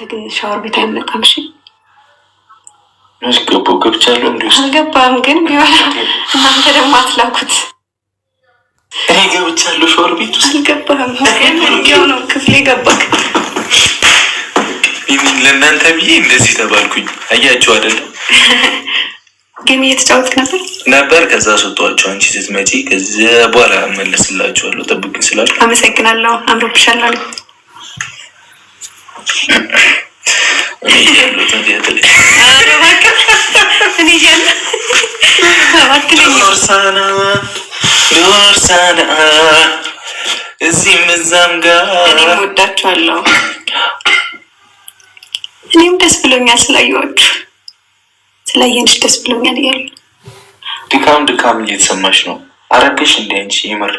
አንተ ግን ሻወር ቤት አይመጣም። እሺ ያስገቡ ገብቻለሁ። እንዲ አልገባም፣ ግን ቢሆን እናንተ ደግሞ አትላኩት። እኔ ገብቻለሁ ሻወር ቤት ውስጥ አልገባም፣ ግን ነው ክፍሌ ገባክ። ለእናንተ ብዬ እንደዚህ ተባልኩኝ። አያችሁ አይደለም ግን እየተጫወትክ ነበር ነበር። ከዛ አስወጣኋቸው። አንቺ ስትመጪ ከዚያ በኋላ እመለስላችኋለሁ። ጠብቅኝ ስላሉ አመሰግናለሁ። አምሮብሻል አሉ ዶርሳና እዚህም እዛም ጋር እኔም ወዳችኋለሁ። እኔም ደስ ብሎኛል ስላየኋችሁ፣ ስላየንሽ ደስ ብሎኛል እያሉ ድካም ድካም እየተሰማሽ ነው። አረገሽ እንደ አንቺ ይምር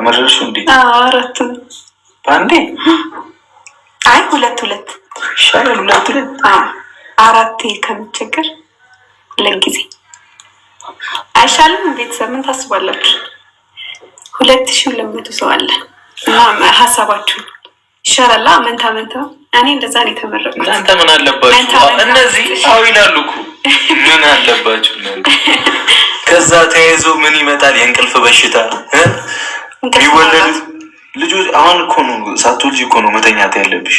አመረርሽ እንዴ? አራት ነው በአንዴ አይ ሁለት ሁለት ይሻላል። ሁለት ሁለት አራት ከምቸገር ለጊዜ አይሻልም። ቤተሰብ ምን ታስባላችሁ? ሁለት ሺ ሁለት መቶ ሰው አለ እና ሀሳባችሁ ይሻላላ። መንታ መንታ እኔ እንደዛ ነው የተመረቁት። እናንተ ምን አለባችሁ? እነዚህ አዎ ይላሉ እኮ ምን አለባችሁ? ከዛ ተያይዞ ምን ይመጣል? የእንቅልፍ በሽታ ይወለዱ ልጆች አሁን እኮ ነው ሳትወልጂ እኮ ነው መተኛት ያለብሽ።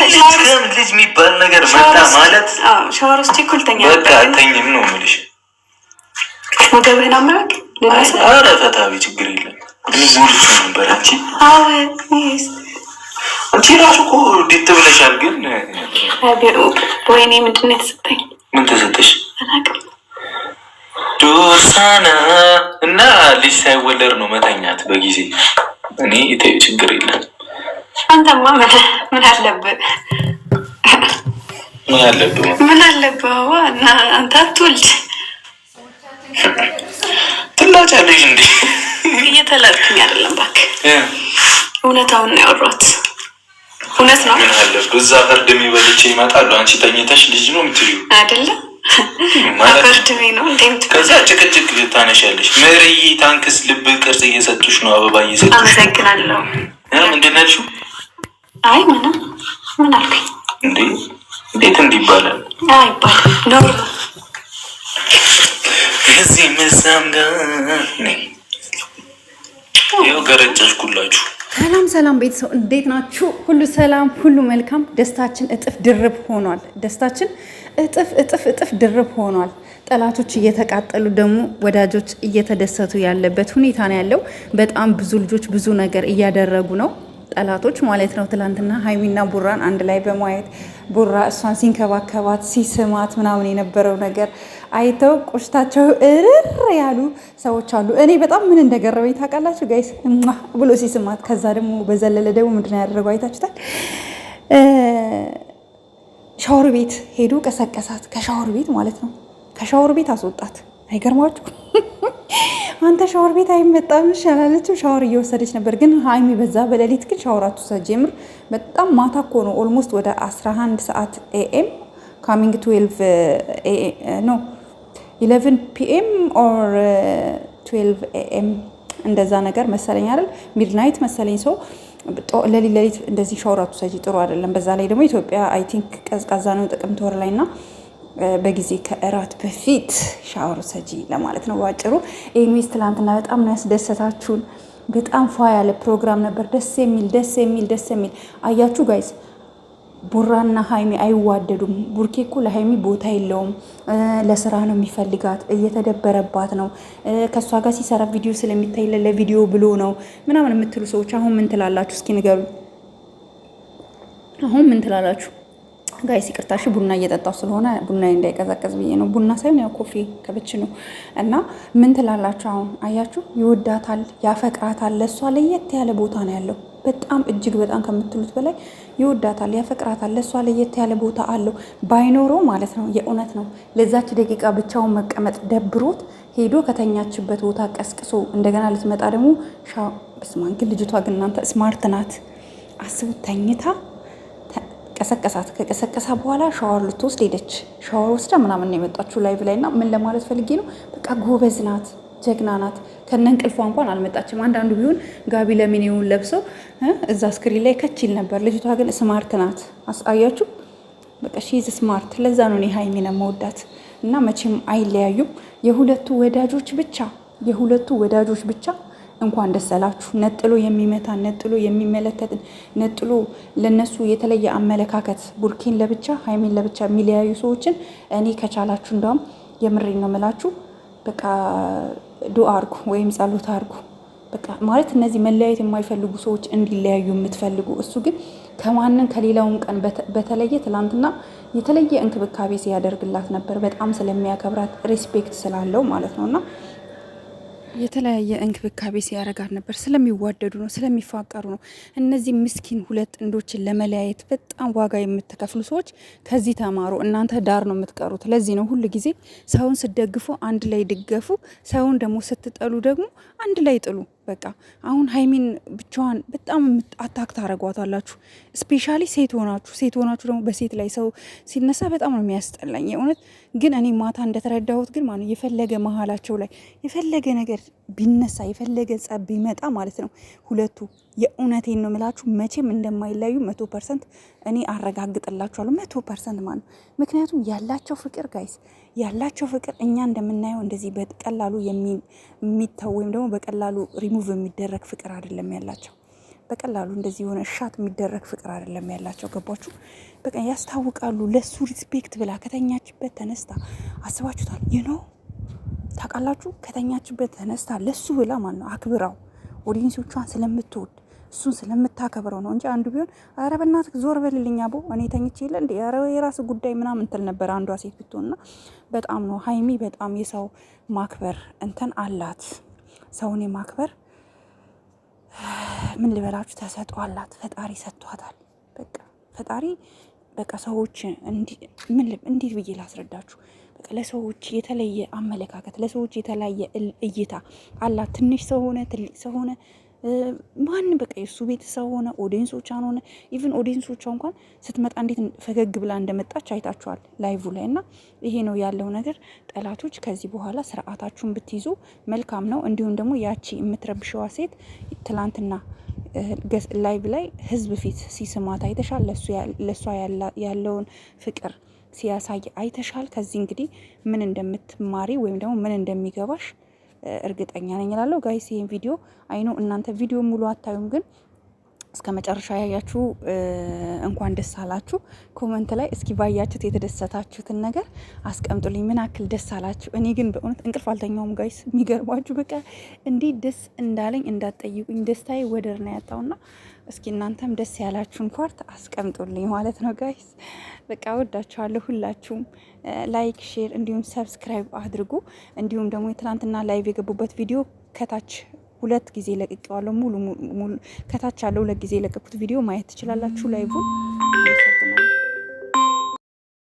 ልጅ የሚባል ነገር መጣ ማለት ሻወር ውስጥ እኮ ልተኛ ነው የምልሽ። ወገብህን አመረቅ ኧረ ፈታቢ ችግር የለም ሞልቼ ነበር። አንቺ አንቺ ራሱ እኮ ዴት ብለሻል። ግን ወይኔ ምንድን ነው የተሰጠኝ? ምን ተሰጠሽ? ዶሳና እና ልጅ ሳይወለድ ነው መተኛት በጊዜ እኔ ኢትዮ ችግር የለም። አንተማ ምን አለብህ? ምን አለብህ? ምን አለብህ? እና አንተ አትወልድ ትላጫለሽ እንዴ? እየተላልክኝ አይደለም እባክህ፣ እውነታውን ነው ያወሯት። እውነት ነው። ምን አለብህ? እዛ ፈርድ የሚበልቼ ይመጣሉ። አንቺ ተኝተሽ ልጅ ነው የምትይው አይደለም ከዛ ጭቅጭቅ ታነሻለሽ። ምርይ ታንክስ ልብ ቅርጽ እየሰጡሽ ነው፣ አበባ እየሰጡሽ አመሰግናለሁ። ምንድን ነው ያልሽው? አይ ምንም። ምን አልከኝ? እንዴ እንዴት እንዲህ ይባላል? ይባላል ከዚህ መሳም ጋር ይኸው ገረጨሽኩላችሁ። ሰላም ሰላም ቤተሰብ እንዴት ናችሁ? ሁሉ ሰላም፣ ሁሉ መልካም። ደስታችን እጥፍ ድርብ ሆኗል። ደስታችን እጥፍ እጥፍ እጥፍ ድርብ ሆኗል። ጠላቶች እየተቃጠሉ ደግሞ ወዳጆች እየተደሰቱ ያለበት ሁኔታ ነው ያለው። በጣም ብዙ ልጆች ብዙ ነገር እያደረጉ ነው ጠላቶች ማለት ነው። ትላንትና ሀይሚና ቡራን አንድ ላይ በማየት ቡራ እሷን ሲንከባከባት ሲስማት ምናምን የነበረው ነገር አይተው ቆሽታቸው እርር ያሉ ሰዎች አሉ። እኔ በጣም ምን እንደገረመኝ ታውቃላችሁ ጋይስ? ብሎ ሲስማት ከዛ ደግሞ በዘለለ ደግሞ ምንድን ነው ያደረገው አይታችሁታል? ሻወር ቤት ሄዶ ቀሰቀሳት። ከሻወር ቤት ማለት ነው። ከሻወር ቤት አስወጣት። አይገርማችሁ? አንተ ሻወር ቤት አይመጣም አላለችው። ሻወር እየወሰደች ነበር፣ ግን ሀይሚ በዛ በሌሊት ግን ሻወር አትወስድ ጀምር። በጣም ማታ እኮ ነው። ኦልሞስት ወደ 11 ሰዓት ኤኤም ካሚንግ 12 ኖ 11 ፒኤም ኦር 12 ኤኤም እንደዛ ነገር መሰለኝ አይደል ሚድናይት መሰለኝ ሰው ለሊት ለሊት እንደዚህ ሻወር ሰጂ ጥሩ አይደለም። በዛ ላይ ደግሞ ኢትዮጵያ አይ ቲንክ ቀዝቃዛ ነው ጥቅምት ወር ላይ እና በጊዜ ከእራት በፊት ሻወር ሰጂ ለማለት ነው በአጭሩ። ኤኒዌይስ ትላንትና በጣም ነው ያስደሰታችሁን። በጣም ፏ ያለ ፕሮግራም ነበር። ደስ የሚል ደስ የሚል ደስ የሚል አያችሁ ጋይስ ቡራና ሀይሚ አይዋደዱም። ቡርኬ እኮ ለሀይሚ ቦታ የለውም። ለስራ ነው የሚፈልጋት፣ እየተደበረባት ነው። ከእሷ ጋር ሲሰራ ቪዲዮ ስለሚታይ ለቪዲዮ ብሎ ነው ምናምን የምትሉ ሰዎች አሁን ምን ትላላችሁ? እስኪ ንገሩ። አሁን ምን ትላላችሁ? ጋይ ሲቅርታሽ ቡና እየጠጣው ስለሆነ ቡና እንዳይቀዘቀዝ ብዬ ነው። ቡና ሳይሆን ያው ኮፊ ከብች ነው። እና ምን ትላላችሁ አሁን? አያችሁ፣ ይወዳታል፣ ያፈቅራታል። ለእሷ ለየት ያለ ቦታ ነው ያለው። በጣም እጅግ በጣም ከምትሉት በላይ ይወዳታል፣ ያፈቅራታል። ለእሷ ለየት ያለ ቦታ አለው። ባይኖረው ማለት ነው የእውነት ነው ለዛች ደቂቃ ብቻውን መቀመጥ ደብሮት ሄዶ ከተኛችበት ቦታ ቀስቅሶ እንደገና ልትመጣ ደግሞ ስማን። ግን ልጅቷ ግን እናንተ ስማርት ናት። አስቡ ተኝታ ቀሰቀሳት። ከቀሰቀሳ በኋላ ሻወር ልትወስድ ሄደች። ሻወር ወስዳ ምናምን የመጣችው የመጣችሁ ላይቭ ላይ እና ምን ለማለት ፈልጌ ነው በቃ ጎበዝ ናት። ጀግና ናት። ከነ እንቅልፏ እንኳን አልመጣችም። አንዳንዱ ቢሆን ጋቢ ለሚኒውን ለብሰው እዛ ስክሪን ላይ ከች ይል ነበር። ልጅቷ ግን ስማርት ናት። አያችሁ፣ በቃ ሺዝ ስማርት። ለዛ ነው እኔ ሀይሚን መወዳት እና መቼም አይለያዩም። የሁለቱ ወዳጆች ብቻ የሁለቱ ወዳጆች ብቻ እንኳን ደስ አላችሁ። ነጥሎ የሚመታ ነጥሎ የሚመለከት ነጥሎ ለነሱ የተለየ አመለካከት ቡርኪን ለብቻ ሀይሜን ለብቻ የሚለያዩ ሰዎችን እኔ ከቻላችሁ እንደውም የምሬን ነው የምላችሁ በቃ ዱአ አርጉ ወይም ጸሎት አርጉ። በቃ ማለት እነዚህ መለያየት የማይፈልጉ ሰዎች እንዲለያዩ የምትፈልጉ እሱ ግን ከማንም ከሌላውም ቀን በተለየ ትላንትና የተለየ እንክብካቤ ሲያደርግላት ነበር። በጣም ስለሚያከብራት ሬስፔክት ስላለው ማለት ነው እና የተለያየ እንክብካቤ ሲያረጋት ነበር። ስለሚዋደዱ ነው፣ ስለሚፋቀሩ ነው። እነዚህ ምስኪን ሁለት ጥንዶችን ለመለያየት በጣም ዋጋ የምትከፍሉ ሰዎች ከዚህ ተማሩ። እናንተ ዳር ነው የምትቀሩት። ለዚህ ነው ሁሉ ጊዜ ሰውን ስደግፉ አንድ ላይ ድገፉ፣ ሰውን ደግሞ ስትጠሉ ደግሞ አንድ ላይ ጥሉ። በቃ አሁን ሀይሚን ብቻዋን በጣም አታክ ታደረጓታላችሁ። ስፔሻሊ ሴት ሆናችሁ ሴት ሆናችሁ ደግሞ በሴት ላይ ሰው ሲነሳ በጣም ነው የሚያስጠላኝ የእውነት ግን እኔ ማታ እንደተረዳሁት ግን ማለት የፈለገ መሀላቸው ላይ የፈለገ ነገር ቢነሳ የፈለገ ጸብ ቢመጣ ማለት ነው ሁለቱ የእውነቴን ነው ምላችሁ መቼም እንደማይለያዩ መቶ ፐርሰንት እኔ አረጋግጥላችኋለሁ። መቶ ፐርሰንት ማለት ምክንያቱም ያላቸው ፍቅር ጋይስ ያላቸው ፍቅር እኛ እንደምናየው እንደዚህ በቀላሉ የሚተው ወይም ደግሞ በቀላሉ ሪሙቭ የሚደረግ ፍቅር አይደለም ያላቸው። በቀላሉ እንደዚህ የሆነ እሻት የሚደረግ ፍቅር አይደለም ያላቸው። ገባችሁ? በቃ ያስታውቃሉ። ለሱ ሪስፔክት ብላ ከተኛችበት ተነስታ አስባችሁታል? ይህ ነው ታውቃላችሁ። ከተኛችበት ተነስታ ለሱ ብላ ማለት ነው አክብራው ኦዲየንሶቿን ስለምትወድ እሱን ስለምታከብረው ነው እንጂ አንዱ ቢሆን ኧረ በእናትህ ዞር በልልኝ አቦ እኔ ተኝቼ የለ እንዴ ኧረ የራስ ጉዳይ ምናምን ትል ነበር አንዷ ሴት ብትሆንና በጣም ነው ሀይሚ በጣም የሰው ማክበር እንትን አላት። ሰውን የማክበር ምን ልበላችሁ ተሰጥኦ አላት። ፈጣሪ ሰጥቷታል። በቃ ፈጣሪ በቃ ሰዎች እንዴት ብዬ ላስረዳችሁ? ለሰዎች የተለየ አመለካከት፣ ለሰዎች የተለያየ እይታ አላት። ትንሽ ሰው ሆነ ትልቅ ሰው ሆነ ማን በቃ የእሱ ቤተሰብ ሆነ ኦዲየንሶቿን ሆነ ኢቭን ኦዲንሶቿ እንኳን ስትመጣ እንዴት ፈገግ ብላ እንደመጣች አይታችኋል ላይቭ ላይ እና ይሄ ነው ያለው ነገር። ጠላቶች ከዚህ በኋላ ስርዓታችሁን ብትይዙ መልካም ነው። እንዲሁም ደግሞ ያቺ የምትረብሸዋ ሴት ትላንትና ላይቭ ላይ ህዝብ ፊት ሲስማት አይተሻል። ለእሷ ያለውን ፍቅር ሲያሳይ አይተሻል። ከዚህ እንግዲህ ምን እንደምትማሪ ወይም ደግሞ ምን እንደሚገባሽ እርግጠኛ ነኝ እላለሁ። ጋይስ ይህን ቪዲዮ አይኖ እናንተ ቪዲዮ ሙሉ አታዩም ግን እስከ መጨረሻ ያያችሁ እንኳን ደስ አላችሁ። ኮመንት ላይ እስኪ ባያችሁት የተደሰታችሁትን ነገር አስቀምጡልኝ። ምን አክል ደስ አላችሁ? እኔ ግን በእውነት እንቅልፍ አልተኛውም ጋይስ፣ የሚገርማችሁ በቃ እንዴት ደስ እንዳለኝ እንዳትጠይቁኝ። ደስታዬ ወደር ነው ያጣውና እስኪ እናንተም ደስ ያላችሁን ፓርት አስቀምጡልኝ ማለት ነው ጋይስ። በቃ ወዳችኋለሁ ሁላችሁም። ላይክ፣ ሼር እንዲሁም ሰብስክራይብ አድርጉ። እንዲሁም ደግሞ የትናንትና ላይቭ የገቡበት ቪዲዮ ከታች ሁለት ጊዜ ለቅቄዋለሁ። ሙሉ ከታች ያለው ሁለት ጊዜ የለቀኩት ቪዲዮ ማየት ትችላላችሁ ላይቡን